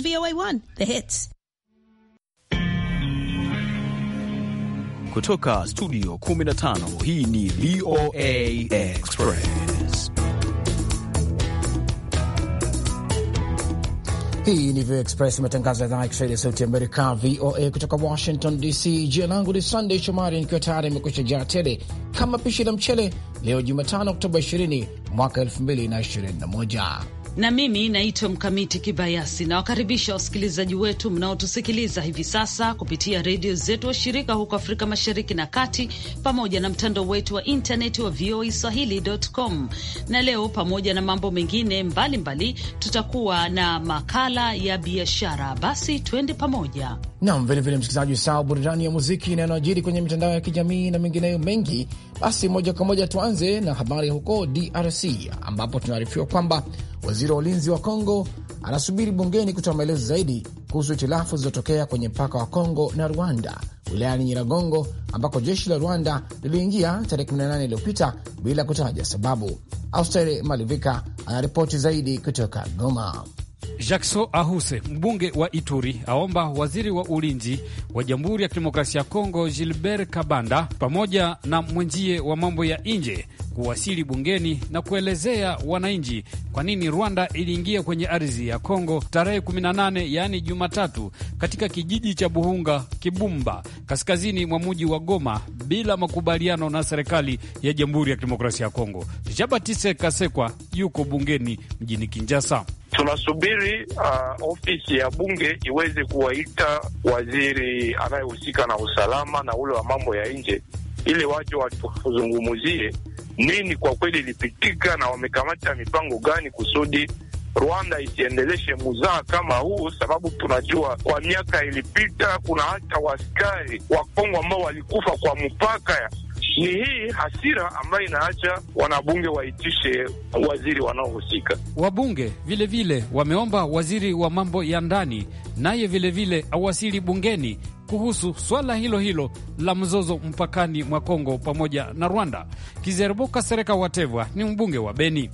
VOA1, the hits. Kutoka studio 15 hii ni VOA Express. Hii ni VOA Express, matangazo ya idhaa ya Kiswahili ya sauti Amerika, VOA kutoka Washington DC. Jina langu ni Sunday Shomari, nikiwa tayari imekwisha jaa tele kama pishi la mchele leo Jumatano Oktoba 20 mwaka 2021 na mimi naitwa Mkamiti Kibayasi. Nawakaribisha wasikilizaji wetu mnaotusikiliza hivi sasa kupitia redio zetu wa shirika huko Afrika Mashariki na Kati, pamoja na mtandao wetu wa intaneti wa VOA Swahili.com. Na leo, pamoja na mambo mengine mbalimbali, tutakuwa na makala ya biashara. Basi twende pamoja nam. Vilevile msikilizaji, saa burudani ya muziki inayojiri kwenye mitandao ya kijamii na mengineyo mengi basi moja kwa moja tuanze na habari huko DRC ambapo tunaarifiwa kwamba waziri wa ulinzi wa Kongo anasubiri bungeni kutoa maelezo zaidi kuhusu hitilafu zilizotokea kwenye mpaka wa Kongo na Rwanda wilayani Nyiragongo, ambako jeshi la Rwanda liliingia tarehe 18 iliyopita bila kutaja sababu. Auster Malivika anaripoti zaidi kutoka Goma. Jackson Ahuse, mbunge wa Ituri, aomba waziri wa ulinzi wa Jamhuri ya Kidemokrasia ya Kongo Gilbert Kabanda pamoja na mwenzie wa mambo ya nje kuwasili bungeni na kuelezea wananchi kwa nini Rwanda iliingia kwenye ardhi ya Kongo tarehe 18, yaani Jumatatu, katika kijiji cha Buhunga Kibumba, kaskazini mwa muji wa Goma, bila makubaliano na serikali ya Jamhuri ya Kidemokrasia ya Kongo. Jabatise Kasekwa yuko bungeni mjini kinjasa Tunasubiri uh, ofisi ya bunge iweze kuwaita waziri anayehusika na usalama na ule wa mambo ya nje ili waje watuzungumuzie nini kwa kweli ilipitika na wamekamata mipango gani kusudi Rwanda isiendeleshe muzaa kama huu, sababu tunajua kwa miaka ilipita kuna hata waskari wa Kongo ambao walikufa kwa mpaka. Ni hii hasira ambayo inaacha wanabunge waitishe waziri wanaohusika. Wabunge vilevile vile wameomba waziri wa mambo ya ndani naye vilevile awasili bungeni kuhusu swala hilo hilo la mzozo mpakani mwa Kongo pamoja na Rwanda. Kizeriboka Sereka Watevwa ni mbunge wa Beni.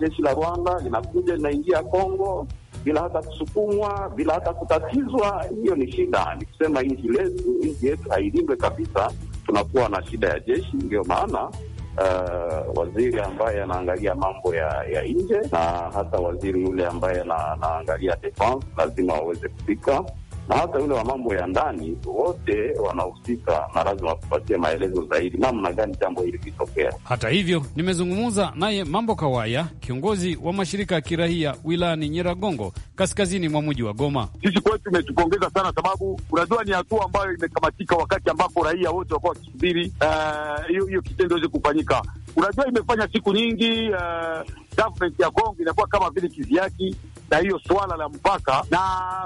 Jeshi la Rwanda linakuja linaingia Kongo bila hata kusukumwa, bila hata kutatizwa. Hiyo ni shida, ni kusema nchi letu, nchi yetu hailindwe kabisa, tunakuwa na shida ya jeshi. ndio maana uh, waziri ambaye anaangalia mambo ya, ya nje na hata waziri yule ambaye anaangalia defense lazima waweze kufika na hata yule wa mambo ya ndani, wote wanahusika na lazima wakupatie maelezo zaidi namna gani jambo hili litokea. Hata hivyo, nimezungumza naye Mambo Kawaya, kiongozi wa mashirika ya kirahia wilayani Nyiragongo, kaskazini mwa mji wa Goma. Sisi kwetu imetupongeza sana, sababu unajua ni hatua ambayo imekamatika wakati ambapo raia wote wakuwa wakisubiri eh, hiyo uh, kitendo iweze kufanyika. Unajua imefanya siku nyingi uh, government ya Kongo inakuwa kama vile kiziaki na hiyo swala la mpaka, na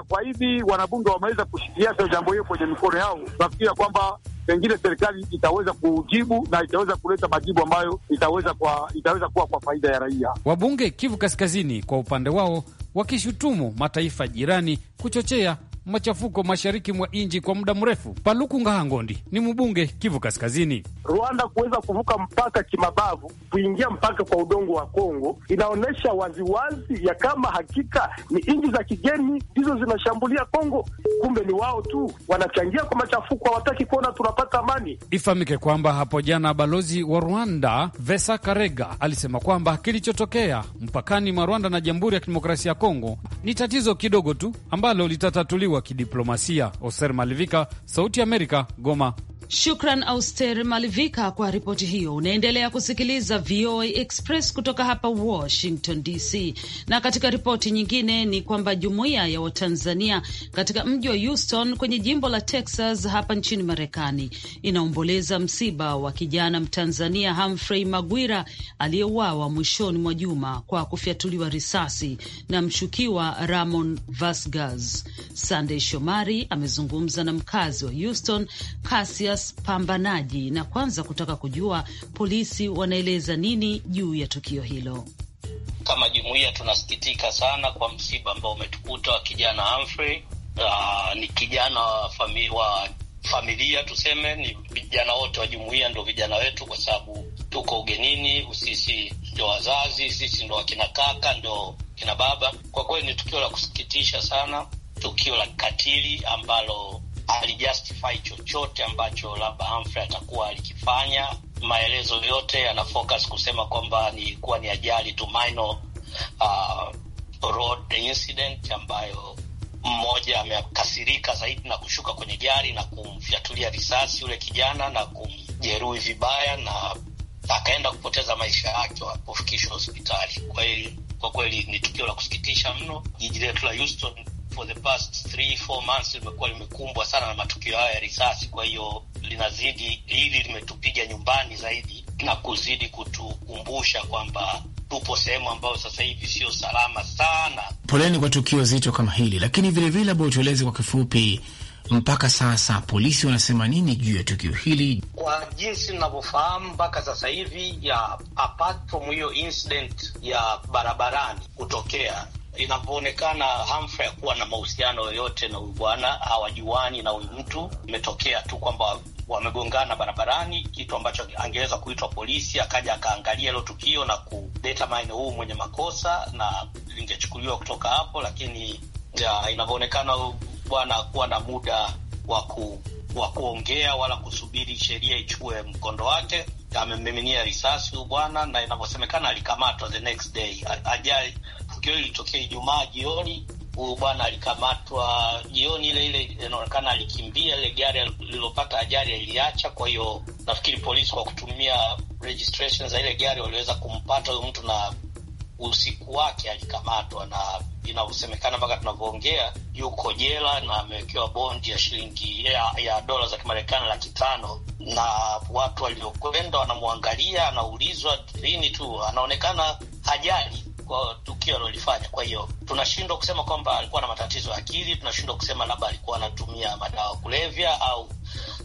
kwa hivi wanabunge wameweza kushikilia jambo hiyo kwenye mikono yao, nafikiria kwamba pengine serikali itaweza kujibu na itaweza kuleta majibu ambayo itaweza kwa, itaweza kuwa kwa faida ya raia. Wabunge Kivu Kaskazini kwa upande wao wakishutumu mataifa jirani kuchochea machafuko mashariki mwa nchi kwa muda mrefu. Paluku Ngahangondi ni mbunge Kivu Kaskazini. Rwanda kuweza kuvuka mpaka kimabavu, kuingia mpaka kwa udongo wa Kongo, inaonyesha waziwazi ya kama hakika ni nchi za kigeni ndizo zinashambulia Kongo. Kumbe ni wao tu wanachangia kwa machafuko, hawataki kuona tunapata amani. Ifahamike kwamba hapo jana balozi wa Rwanda Vesa Karega alisema kwamba kilichotokea mpakani mwa Rwanda na Jamhuri ya Kidemokrasia ya Kongo ni tatizo kidogo tu ambalo litatatuliwa wa kidiplomasia. Oser Malivika, Sauti ya Amerika, Goma. Shukran Auster Malivika kwa ripoti hiyo. Unaendelea kusikiliza VOA Express kutoka hapa Washington DC. Na katika ripoti nyingine ni kwamba jumuiya ya Watanzania katika mji wa Houston kwenye jimbo la Texas hapa nchini Marekani inaomboleza msiba wa kijana Mtanzania Humphrey Magwira aliyeuawa mwishoni mwa juma kwa kufyatuliwa risasi na mshukiwa Ramon vasgas Sandey Shomari amezungumza na mkazi wa Houston Kasia Lucas Pambanaji, na kwanza kutaka kujua polisi wanaeleza nini juu ya tukio hilo. Kama jumuiya tunasikitika sana kwa msiba ambao umetukuta wa kijana Humphrey. Uh, ni kijana wa fami, wa familia tuseme, ni vijana wote wa jumuiya ndo vijana wetu, kwa sababu tuko ugenini, sisi ndo wazazi, sisi ndo wakina kaka, ndo kina baba. Kwa kweli ni tukio la kusikitisha sana, tukio la kikatili ambalo halijustify chochote ambacho labda Humphrey atakuwa alikifanya. Maelezo yote yanafocus kusema kwamba nilikuwa ni ajali tu minor, uh, road incident ambayo mmoja amekasirika zaidi na kushuka kwenye gari na kumfyatulia risasi yule kijana na kumjeruhi vibaya na akaenda kupoteza maisha yake alipofikishwa hospitali. Kwa kwa kweli ni tukio la kusikitisha mno. Jiji letu la Houston for the past three, four months limekuwa limekumbwa sana na matukio hayo ya risasi. Kwa hiyo linazidi hili, limetupiga nyumbani zaidi na kuzidi kutukumbusha kwamba tupo sehemu ambayo sasa hivi sio salama sana. Poleni kwa tukio zito kama hili, lakini vilevile ambao tueleze kwa kifupi mpaka sasa polisi wanasema nini juu ya tukio hili? Kwa jinsi ninavyofahamu mpaka sasa hivi, ya apart from hiyo incident ya barabarani kutokea, inavyoonekana Humphrey kuwa na mahusiano yoyote na huyu bwana, hawajuani na huyu mtu. Imetokea tu kwamba wamegongana barabarani, kitu ambacho angeweza kuitwa polisi akaja akaangalia hilo tukio na kuleta maeneo huu mwenye makosa, na lingechukuliwa kutoka hapo, lakini inavyoonekana bwana kuwa na muda wa ku wa kuongea wala kusubiri sheria ichukue mkondo wake. amemiminia risasi bwana, na inavyosemekana alikamatwa the next day. Ajai tukio lilitokea Ijumaa jioni. Huyu bwana alikamatwa jioni ile ile, inaonekana alikimbia. Ile gari lililopata ajali aliacha, kwa hiyo nafikiri polisi kwa kutumia registration za ile gari waliweza kumpata huyo mtu, na usiku wake alikamatwa, na inavyosemekana mpaka tunavyoongea yuko jela na amewekewa bondi ya shilingi ya, ya dola za Kimarekani laki tano na watu waliokwenda wanamwangalia, anaulizwa lini tu, anaonekana hajali kwa tukio alilolifanya. Kwa hiyo tunashindwa kusema kwamba alikuwa na matatizo ya akili, tunashindwa kusema labda alikuwa anatumia madawa kulevya au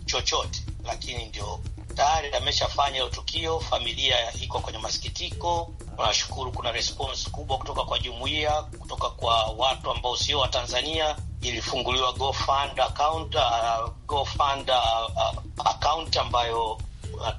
chochote, lakini ndio tayari ameshafanya hiyo tukio. Familia iko kwenye masikitiko. Tunashukuru kuna response kubwa kutoka kwa jumuiya, kutoka kwa watu ambao sio wa Tanzania. Ilifunguliwa GoFund account, uh, GoFund, uh, uh, account ambayo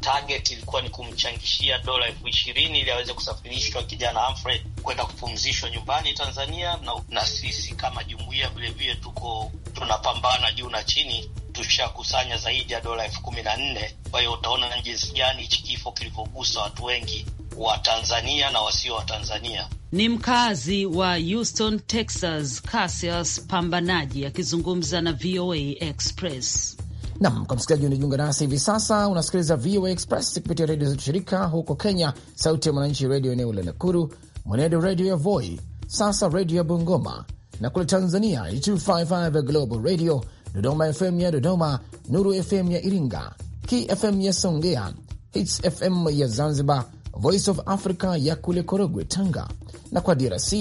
target ilikuwa ni kumchangishia dola elfu ishirini ili aweze kusafirishwa kijana Humphrey kwenda kupumzishwa nyumbani Tanzania, na, na sisi kama jumuiya vilevile tuko tunapambana juu na chini tushakusanya zaidi ya dola elfu kumi na nne. Kwa hiyo utaona jinsi gani hichi kifo kilivyogusa watu wengi wa Tanzania na wasio wa Tanzania. Ni mkazi wa Houston, Texas, Cassius Pambanaji akizungumza na VOA Express. Nam kwa msikilizaji unajiunga nasi hivi sasa, unasikiliza VOA Express kupitia redio zetu shirika huko Kenya, Sauti ya Mwananchi redio eneo la Nakuru, Mwenedo redio ya Voi, Sasa redio ya Bungoma, na kule Tanzania 255 Global Radio, Dodoma FM ya Dodoma, Nuru FM ya Iringa, KFM ya Songea, Hits FM ya Zanzibar, Voice of Africa ya kule Korogwe, Tanga, na kwa DRC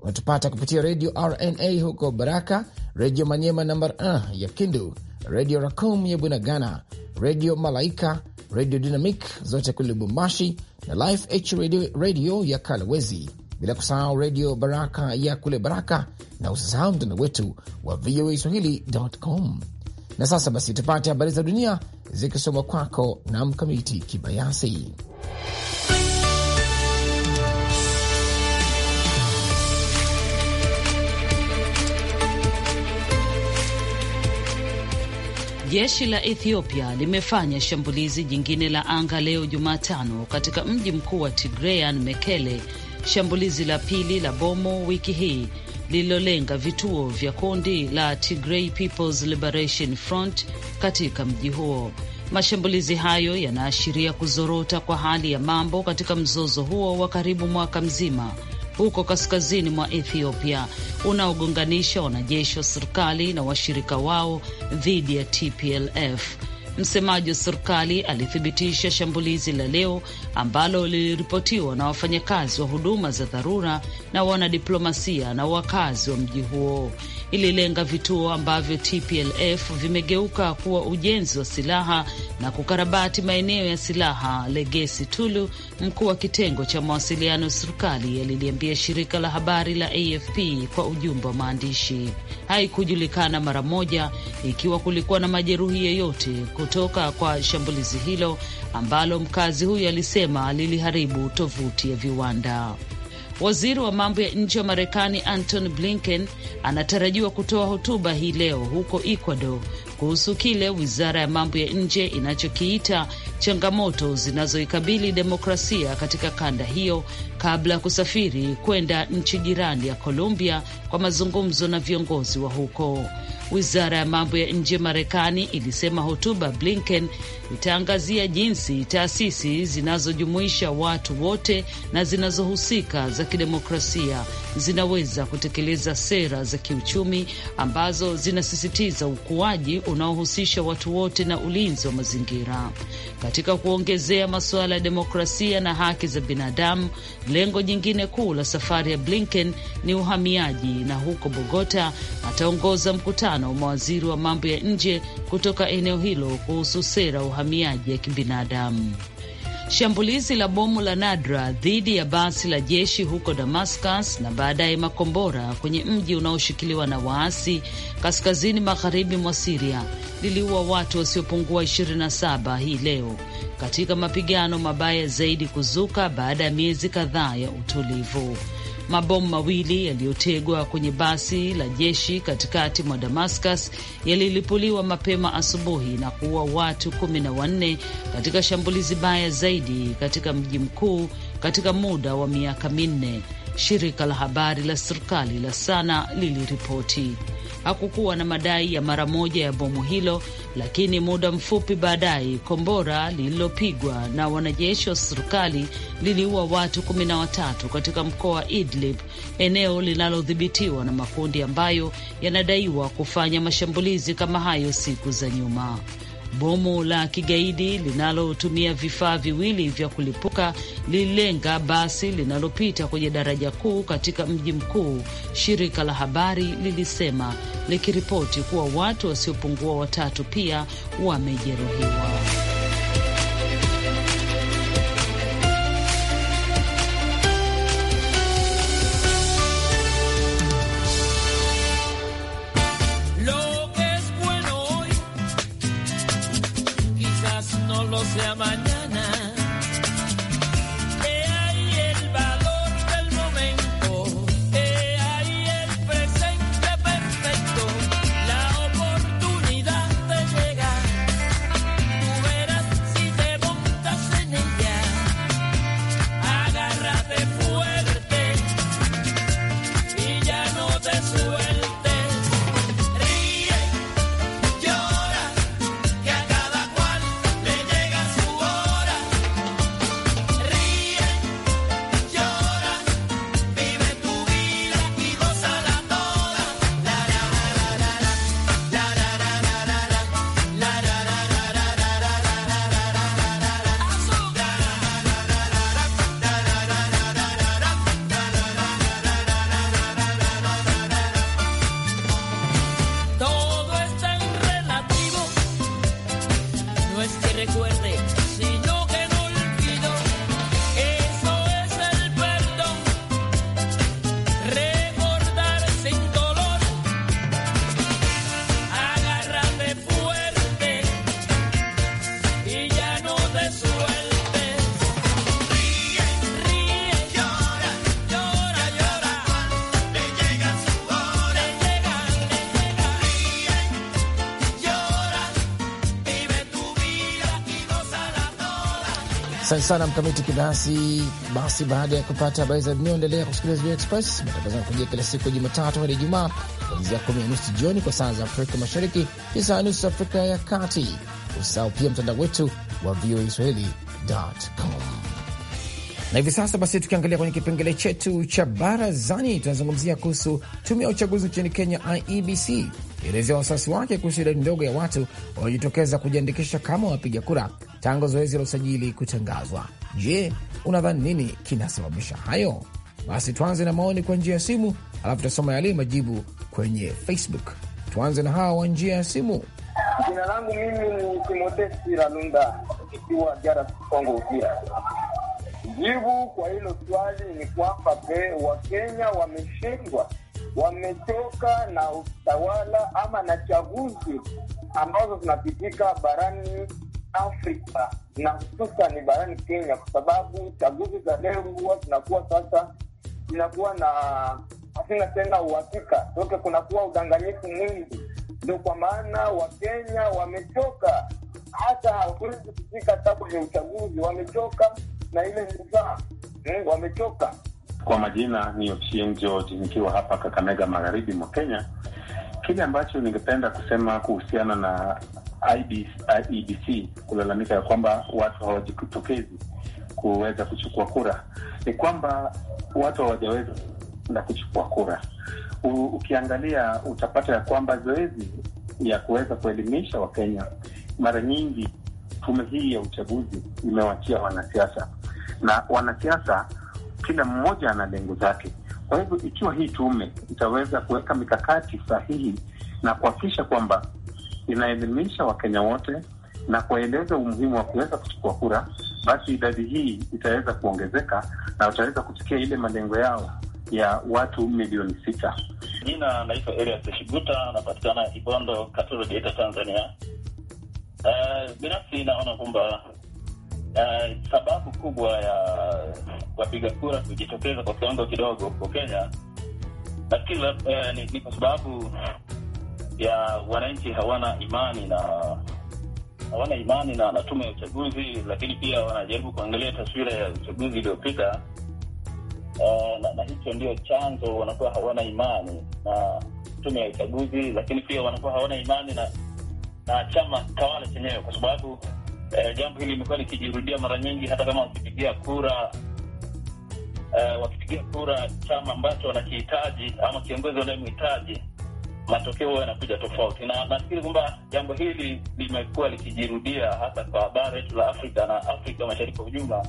unatupata kupitia redio RNA huko Baraka, redio Manyema namba ah, ya Kindu, Redio Racom ya Bunagana, Redio Malaika, Redio Dynamic zote kule Lubumbashi na Life H radio, radio ya Kalawezi, bila kusahau Redio Baraka ya kule Baraka, na usisahau mtandao wetu wa VOA Swahili.com. Na sasa basi tupate habari za dunia zikisomwa kwako na Mkamiti Kibayasi. Jeshi la Ethiopia limefanya shambulizi jingine la anga leo Jumatano katika mji mkuu wa tigrean Mekele, shambulizi la pili la bomo wiki hii lililolenga vituo vya kundi la Tigray People's Liberation Front katika mji huo. Mashambulizi hayo yanaashiria kuzorota kwa hali ya mambo katika mzozo huo wa karibu mwaka mzima huko kaskazini mwa Ethiopia unaogonganisha wanajeshi wa serikali na washirika wao dhidi ya TPLF. Msemaji wa serikali alithibitisha shambulizi la leo ambalo liliripotiwa na wafanyakazi wa huduma za dharura na wanadiplomasia na wakazi wa mji huo. Ililenga vituo ambavyo TPLF vimegeuka kuwa ujenzi wa silaha na kukarabati maeneo ya silaha. Legesi Tulu, mkuu wa kitengo cha mawasiliano ya serikali, aliliambia shirika la habari la AFP kwa ujumbe wa maandishi. Haikujulikana mara moja ikiwa kulikuwa na majeruhi yeyote kutoka kwa shambulizi hilo ambalo mkazi huyo alisema liliharibu tovuti ya viwanda. Waziri wa mambo ya nje wa Marekani Antony Blinken anatarajiwa kutoa hotuba hii leo huko Ecuador kuhusu kile wizara ya mambo ya nje inachokiita changamoto zinazoikabili demokrasia katika kanda hiyo kabla ya kusafiri kwenda nchi jirani ya Colombia kwa mazungumzo na viongozi wa huko. Wizara ya mambo ya nje Marekani ilisema hotuba Blinken itaangazia jinsi taasisi zinazojumuisha watu wote na zinazohusika za kidemokrasia zinaweza kutekeleza sera za kiuchumi ambazo zinasisitiza ukuaji unaohusisha watu wote na ulinzi wa mazingira katika kuongezea masuala ya demokrasia na haki za binadamu. Lengo jingine kuu la safari ya Blinken ni uhamiaji, na huko Bogota ataongoza mkutano wa mawaziri wa mambo ya nje kutoka eneo hilo kuhusu sera uhamiaji ya kibinadamu. Shambulizi la bomu la nadra dhidi ya basi la jeshi huko Damascus na baadaye makombora kwenye mji unaoshikiliwa na waasi kaskazini magharibi mwa Siria liliua watu wasiopungua 27 hii leo katika mapigano mabaya zaidi kuzuka baada ya miezi kadhaa ya utulivu. Mabomu mawili yaliyotegwa kwenye basi la jeshi katikati mwa Damascus yalilipuliwa mapema asubuhi na kuua watu kumi na wanne katika shambulizi baya zaidi katika mji mkuu katika muda wa miaka minne, shirika la habari la serikali la Sana liliripoti hakukuwa na madai ya mara moja ya bomu hilo, lakini muda mfupi baadaye kombora lililopigwa na wanajeshi wa serikali liliua watu kumi na watatu katika mkoa wa Idlib, eneo linalodhibitiwa na makundi ambayo yanadaiwa kufanya mashambulizi kama hayo siku za nyuma. Bomu la kigaidi linalotumia vifaa viwili vya kulipuka lililenga basi linalopita kwenye daraja kuu katika mji mkuu, shirika la habari lilisema likiripoti kuwa watu wasiopungua watatu pia wamejeruhiwa. Shukrani sana Mkamiti Kibayasi. Basi baada ya kupata habari za dunia, endelea kusikiliza VOA Express. Matangazo yanakujia kila siku ya Jumatatu hadi Ijumaa kuanzia kumi na nusu jioni kwa saa za Afrika Mashariki, tisa na nusu Afrika ya Kati. Usisahau pia mtandao wetu wa VOA Swahili.com. Na hivi sasa basi, tukiangalia kwenye kipengele chetu cha barazani, tunazungumzia kuhusu tume ya uchaguzi nchini Kenya, IEBC elezea wasiwasi wake kuhusu idadi ndogo ya watu waliojitokeza kujiandikisha kama wapiga kura tangu zoezi la usajili kutangazwa. Je, unadhani nini kinasababisha hayo? Basi tuanze na maoni kwa njia ya simu, alafu tutasoma yale majibu kwenye Facebook. Tuanze na hawa wa njia ya simu. Jina langu mimi ni Timothesi Ralunda, ikiwa Jara Kongo Uvira. Jibu kwa hilo swali ni kwamba Wakenya wameshindwa, wametoka na utawala ama na chaguzi ambazo zinapitika barani Afrika na hususani barani Kenya, kwa sababu chaguzi za leo huwa zinakuwa sasa zinakuwa na hazina tena uhakika toke, kunakuwa udanganyifu mwingi. Ndio kwa maana Wakenya wamechoka, hata hawawezi kufika hata kwenye uchaguzi, wamechoka na ile nizaa eh, wamechoka. Kwa majina ni Ochieng George, nikiwa hapa Kakamega, magharibi mwa Kenya. Kile ambacho ningependa kusema kuhusiana na IEBC e kulalamika ya kwamba watu hawajitokezi kuweza kuchukua kura ni kwamba watu hawajaweza na kuchukua kura. U, ukiangalia utapata ya kwamba zoezi ya kuweza kuelimisha Wakenya mara nyingi, tume hii ya uchaguzi imewachia wanasiasa na wanasiasa, kila mmoja ana lengo zake. Kwa hivyo, ikiwa hii tume itaweza kuweka mikakati sahihi na kuhakikisha kwamba inaelimisha Wakenya wote na kuwaeleza umuhimu wa kuweza kuchukua kura, basi idadi hii itaweza kuongezeka na wataweza kufikia ile malengo yao ya watu milioni sita. Jina naitwa Elias Shiguta, anapatikana Ibondo, Katoro, Geita, Tanzania. Uh, binafsi naona kwamba Uh, sababu kubwa ya wapiga kura kujitokeza kwa kiwango kidogo huko Kenya nafikiri uh, eh, ni, ni kwa sababu ya wananchi hawana imani na hawana imani na, na tume ya uchaguzi, lakini pia wanajaribu kuangalia taswira ya uchaguzi iliyopita. Uh, eh, na, na hicho ndio chanzo, wanakuwa hawana imani na tume ya uchaguzi, lakini pia wanakuwa hawana imani na, na chama tawala chenyewe kwa sababu Eh, jambo hili limekuwa likijirudia mara nyingi, hata kama wakipigia kura e, wakipigia kura chama ambacho wanakihitaji ama kiongozi wanayemhitaji, matokeo yanakuja tofauti, na nafikiri kwamba jambo hili limekuwa likijirudia hasa kwa bara letu la Afrika na Afrika Mashariki kwa ujumla.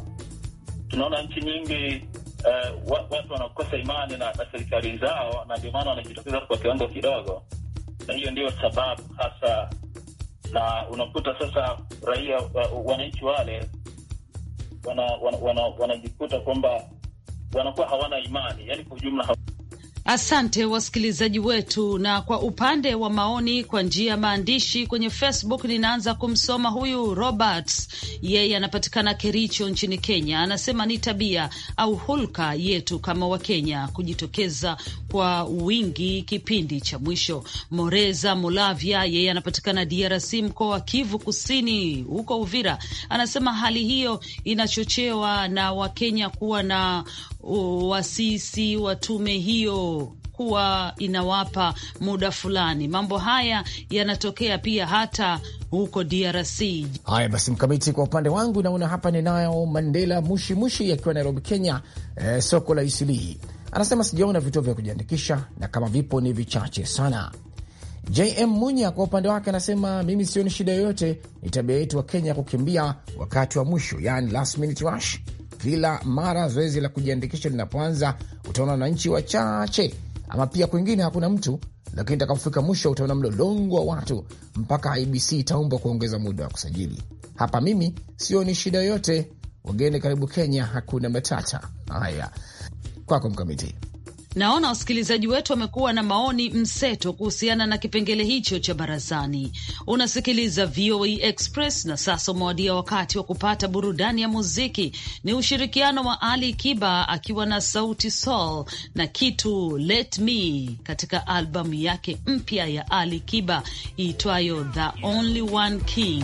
Tunaona nchi nyingi Uh, watu wanakosa imani na, na serikali zao na ndio maana wanajitokeza kwa kiwango kidogo, na hiyo ndio sababu hasa, na unakuta sasa raia uh, wananchi wale wanajikuta wana, wana, wana kwamba wanakuwa hawana imani yani kwa ujumla ha Asante wasikilizaji wetu, na kwa upande wa maoni kwa njia ya maandishi kwenye Facebook, ninaanza kumsoma huyu Roberts, yeye anapatikana Kericho nchini Kenya. Anasema ni tabia au hulka yetu kama Wakenya kujitokeza kwa wingi kipindi cha mwisho. Moreza Mulavya yeye anapatikana DRC, mkoa wa Kivu Kusini, huko Uvira, anasema hali hiyo inachochewa na Wakenya kuwa na wasisi wa tume hiyo kuwa inawapa muda fulani. Mambo haya yanatokea pia hata huko DRC. Haya basi, Mkamiti, kwa upande wangu naona hapa ninayo Mandela Mushi Mushi akiwa Nairobi, Kenya, eh, soko la Isilii Anasema sijaona vituo vya kujiandikisha na kama vipo ni vichache sana. JM Munya kwa upande wake anasema mimi sioni shida yoyote, ni tabia yetu wa Kenya kukimbia wakati wa mwisho, yani last minute rush. Kila mara zoezi la kujiandikisha linapoanza, utaona wananchi wachache, ama pia kwingine hakuna mtu, lakini itakapofika mwisho utaona mlolongo wa watu mpaka IBC itaombwa kuongeza muda wa kusajili. Hapa mimi sioni shida yoyote, wageni karibu Kenya, hakuna matata. Haya, ah, kwako Mkamiti. Naona wasikilizaji wetu wamekuwa na maoni mseto kuhusiana na kipengele hicho cha barazani. Unasikiliza VOA e Express na sasa umewadia wakati wa kupata burudani ya muziki. Ni ushirikiano wa Ali Kiba akiwa na Sauti Sol na kitu Let Me katika albamu yake mpya ya Ali Kiba iitwayo The Only One King.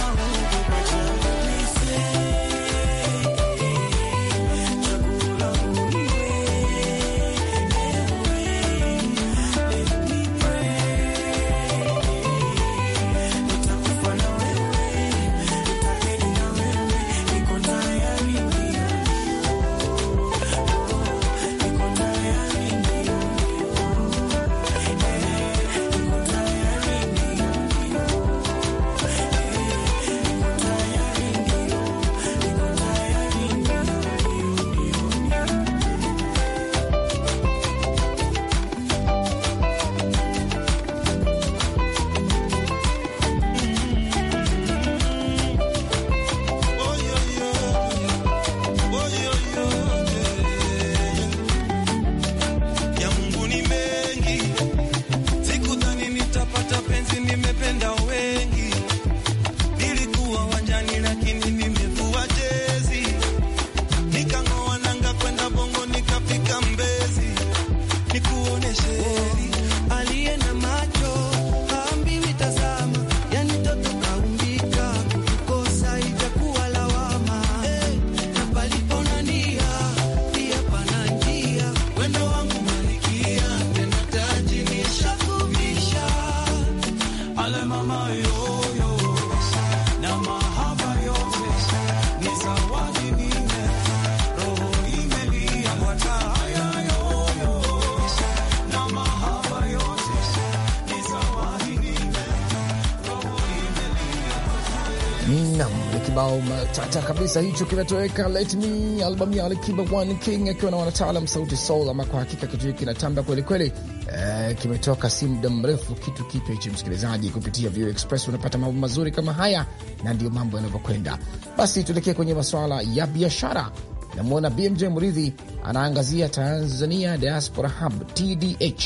Nam na kibao matata kabisa hicho kinatoweka Let Me, albamu ya Alikiba One King akiwa na wanataalam sauti soul. Ama kwa hakika kitu hiki kinatamba kwelikweli. eh, kimetoka si muda mrefu, kitu kipya hichi msikilizaji. Kupitia Vio Express unapata mambo mazuri kama haya, na ndiyo mambo yanavyokwenda. Basi tuelekee kwenye masuala ya biashara. Namwona BMJ mridhi anaangazia Tanzania Diaspora Hub TDH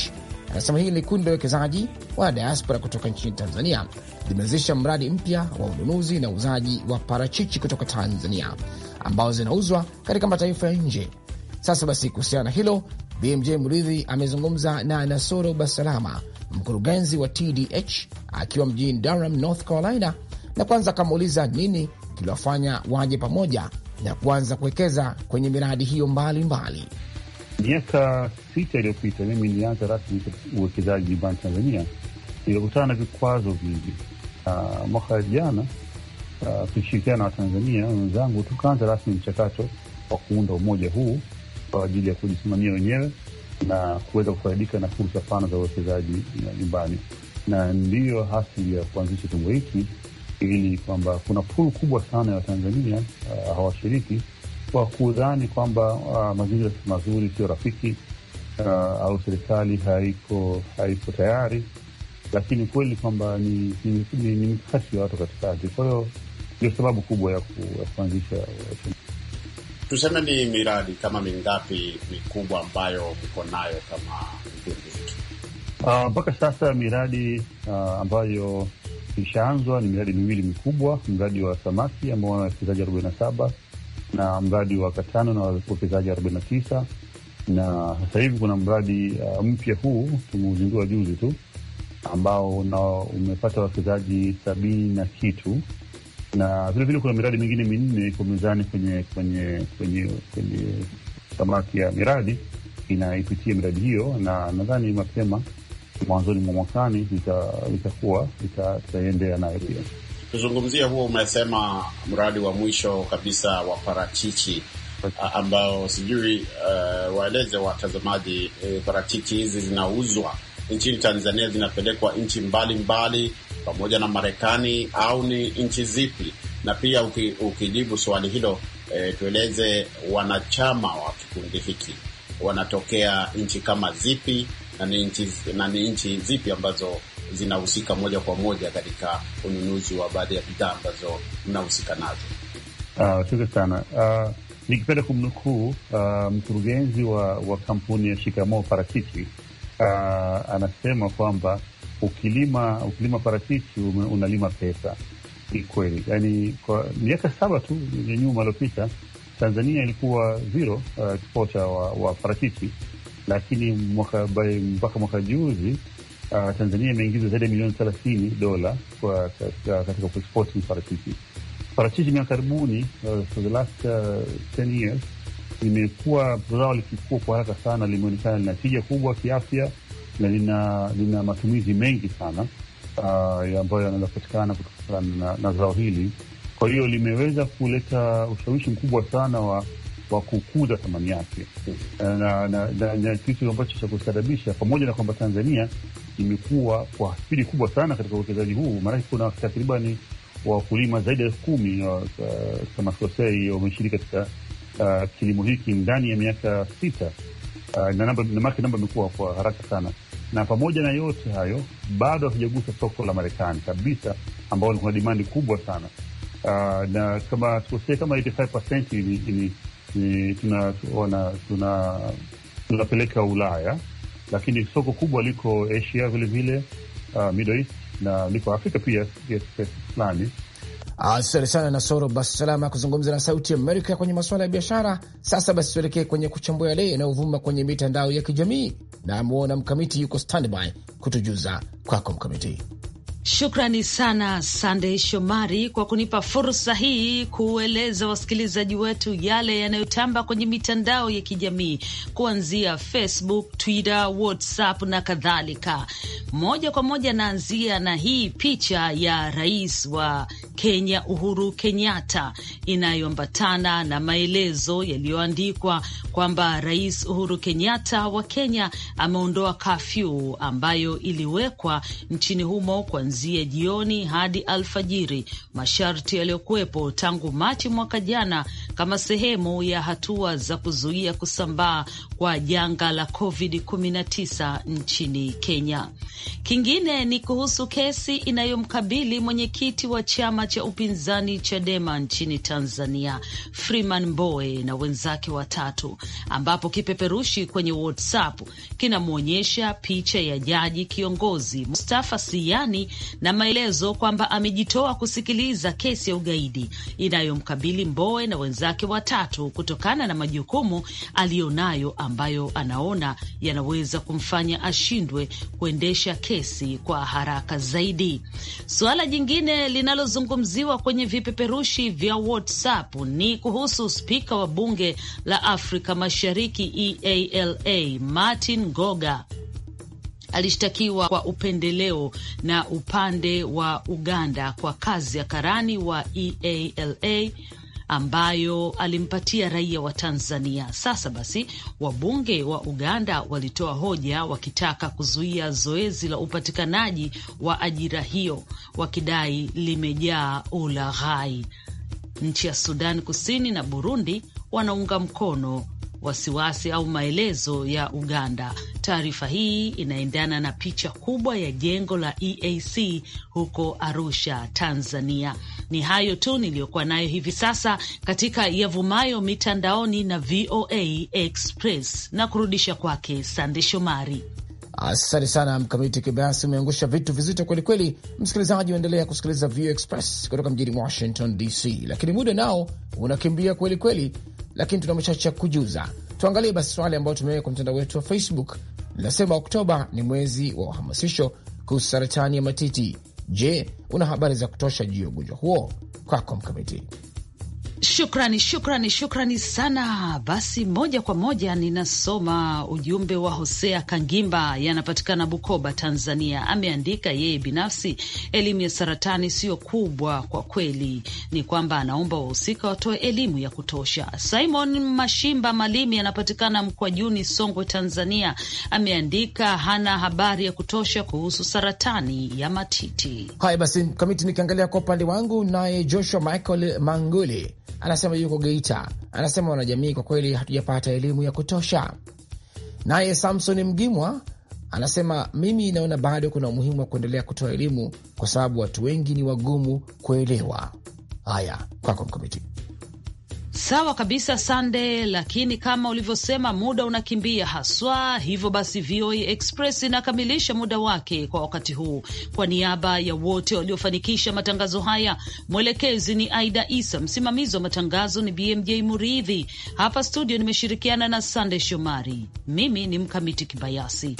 Anasema hili kundi la wekezaji wa diaspora kutoka nchini Tanzania limewezesha mradi mpya wa ununuzi na uuzaji wa parachichi kutoka Tanzania ambazo zinauzwa katika mataifa ya nje. Sasa basi, kuhusiana na hilo, BMJ Mridhi amezungumza na Nasoro Basalama, mkurugenzi wa TDH akiwa mjini Durham, North Carolina, na kwanza akamuuliza nini kiliwafanya waje pamoja na kuanza kuwekeza kwenye miradi hiyo mbalimbali mbali. Miaka sita iliyopita mimi nilianza rasmi uwekezaji nyumbani Tanzania, nilikutana na vikwazo vingi. Uh, mwaka jana ah, tukishirikiana uh, na Watanzania wenzangu tukaanza rasmi mchakato wa kuunda umoja huu kwa ajili ya kujisimamia wenyewe na kuweza kufaidika na fursa pana za uwekezaji nyumbani, na ndiyo hasili ya kuanzisha chombo hiki, ili kwamba kuna pulu kubwa sana ya Watanzania uh, hawashiriki kwa kudhani kwamba uh, mazingira mazuri sio rafiki uh, au serikali haiko haiko tayari, lakini kweli kwamba ni, ni, ni, ni mikakati watu katikati. Kwa hiyo ndio sababu kubwa ya kuanzisha tuseme ni miradi kama mingapi mikubwa ambayo iko nayo kama uh, mpaka uh, sasa? Miradi uh, ambayo ishaanzwa ni miradi miwili mikubwa, mradi wa samaki ambao wana wasikilizaji arobaini na saba na mradi wa katano na wawekezaji 49 na sasa hivi kuna mradi uh, mpya huu tumeuzindua juzi tu ambao na umepata wawekezaji sabini na kitu na vilevile kuna miradi mingine minne iko mezani kwenye kwenye kwenye kwenye kamati ya miradi inaipitia miradi hiyo, na nadhani mapema mwanzoni mwa mwakani itakuwa itaendea nayo pia. Tuzungumzia huo, umesema mradi wa mwisho kabisa wa parachichi ambao sijui, uh, waeleze watazamaji, uh, parachichi hizi zinauzwa nchini Tanzania zinapelekwa nchi mbalimbali pamoja na Marekani au ni nchi zipi? Na pia uki, ukijibu swali hilo e, tueleze wanachama wa kikundi hiki wanatokea nchi kama zipi na ni nchi na nchi zipi ambazo zinahusika moja kwa moja katika ununuzi wa baadhi ya bidhaa ambazo mnahusika nazo? Ah, asante uh, sana uh, ah, nikipenda kumnukuu uh, mkurugenzi wa, wa kampuni ya Shikamoo Parachichi uh, anasema kwamba ukilima ukilima parachichi unalima pesa. Ni kweli, yani kwa miaka saba tu ya nyuma iliyopita Tanzania ilikuwa zero uh, exporter wa, wa parachichi lakini mwaka bae, mpaka mwaka juzi uh, Tanzania imeingiza zaidi ya milioni thelathini dola kwa katika kuexporti parachichi. Parachichi miaka karibuni, uh, for the last uh, years imekuwa zao likikua kwa haraka sana, limeonekana lina tija kubwa kiafya na lina, lina matumizi mengi sana uh, ambayo yanaweza kupatikana kutokana na, na zao hili. Kwa hiyo limeweza kuleta ushawishi mkubwa sana wa wa kukuza thamani yake, eh, na, na, na, na kitu ambacho cha kustaarabisha, pamoja na kwamba Tanzania imekuwa kwa spidi kubwa sana katika uwekezaji huu, maanake kuna takribani wakulima zaidi ya elfu kumi eh, kama sikosei wameshiriki katika uh, kilimo hiki ndani ya miaka sita. Uh, na namba imekuwa kwa haraka sana, na pamoja na yote hayo bado hatujagusa soko la Marekani kabisa, ambao kuna dimandi kubwa sana uh, na kama sikosei kama 85% tunaona tuna tunapeleka Ulaya, lakini soko kubwa liko Asia vilevile, uh, Middle East na liko Afrika pia kiasi fulani. Asante sana Nasoro basi salama ya kuzungumza na Sauti Amerika kwenye masuala ya biashara. Sasa basi tuelekee kwenye kuchambua yale yanayovuma kwenye mitandao ya kijamii, na amwona Mkamiti yuko standby kutujuza kwako. Mkamiti. Shukrani sana Sandey Shomari kwa kunipa fursa hii kueleza wasikilizaji wetu yale yanayotamba kwenye mitandao ya kijamii kuanzia Facebook, Twitter, WhatsApp na kadhalika. Moja kwa moja naanzia na hii picha ya rais wa Kenya Uhuru Kenyatta inayoambatana na maelezo yaliyoandikwa kwamba Rais Uhuru Kenyatta wa Kenya ameondoa kafyu ambayo iliwekwa nchini humo kuanzia jioni hadi alfajiri, masharti yaliyokuwepo tangu Machi mwaka jana kama sehemu ya hatua za kuzuia kusambaa kwa janga la COVID-19 nchini Kenya. Kingine ni kuhusu kesi inayomkabili mwenyekiti wa chama cha upinzani Chadema nchini Tanzania, Freeman Mbowe na wenzake watatu, ambapo kipeperushi kwenye WhatsApp kinamwonyesha picha ya jaji kiongozi Mustafa Siyani na maelezo kwamba amejitoa kusikiliza kesi ya ugaidi inayomkabili Mbowe na wenzake watatu kutokana na majukumu aliyonayo ambayo anaona yanaweza kumfanya ashindwe kuendesha kesi kwa haraka zaidi. Suala jingine linalozungumzwa yanayozungumziwa kwenye vipeperushi vya WhatsApp ni kuhusu spika wa bunge la Afrika Mashariki EALA Martin Goga alishtakiwa kwa upendeleo na upande wa Uganda kwa kazi ya karani wa EALA ambayo alimpatia raia wa Tanzania. Sasa basi, wabunge wa Uganda walitoa hoja wakitaka kuzuia zoezi la upatikanaji wa ajira hiyo, wakidai limejaa ulaghai. Nchi ya Sudan Kusini na Burundi wanaunga mkono wasiwasi au maelezo ya Uganda. Taarifa hii inaendana na picha kubwa ya jengo la EAC huko Arusha, Tanzania, ni hayo tu niliyokuwa nayo hivi sasa katika yavumayo mitandaoni na VOA Express, na kurudisha kwake Sande Shomari. Asante sana Mkamiti Kibayasi, umeangusha vitu vizito kwelikweli. Msikilizaji, uaendelea kusikiliza VOA Express kutoka mjini Washington DC, lakini muda nao unakimbia kwelikweli, lakini tuna machache ya kujuza. Tuangalie basi swali ambayo tumeweka kwa mtandao wetu wa Facebook. Linasema Oktoba ni mwezi wa uhamasisho kuhusu saratani ya matiti. Je, una habari za kutosha juu ya ugonjwa huo? Kwako Mkamiti. Shukrani, shukrani, shukrani sana. Basi moja kwa moja ninasoma ujumbe wa Hosea Kangimba, yanapatikana Bukoba, Tanzania. Ameandika yeye binafsi, elimu ya saratani siyo kubwa kwa kweli, ni kwamba anaomba wahusika watoe elimu ya kutosha. Simon Mashimba Malimi anapatikana Mkwajuni, Songwe, Tanzania. Ameandika hana habari ya kutosha kuhusu saratani ya matiti. Haya basi, Mkamiti, nikiangalia kwa upande wangu, naye Joshua Michael Manguli anasema yuko Geita, anasema wanajamii, kwa kweli hatujapata elimu ya kutosha. Naye Samson Mgimwa anasema mimi naona bado kuna umuhimu wa kuendelea kutoa elimu kwa sababu watu wengi ni wagumu kuelewa. Haya, kwako Mkamiti. Sawa kabisa Sande, lakini kama ulivyosema muda unakimbia haswa. Hivyo basi, VOA Express inakamilisha muda wake kwa wakati huu. Kwa niaba ya wote waliofanikisha matangazo haya, mwelekezi ni Aida Isa, msimamizi wa matangazo ni BMJ Muridhi. Hapa studio nimeshirikiana na Sande Shomari, mimi ni Mkamiti Kibayasi.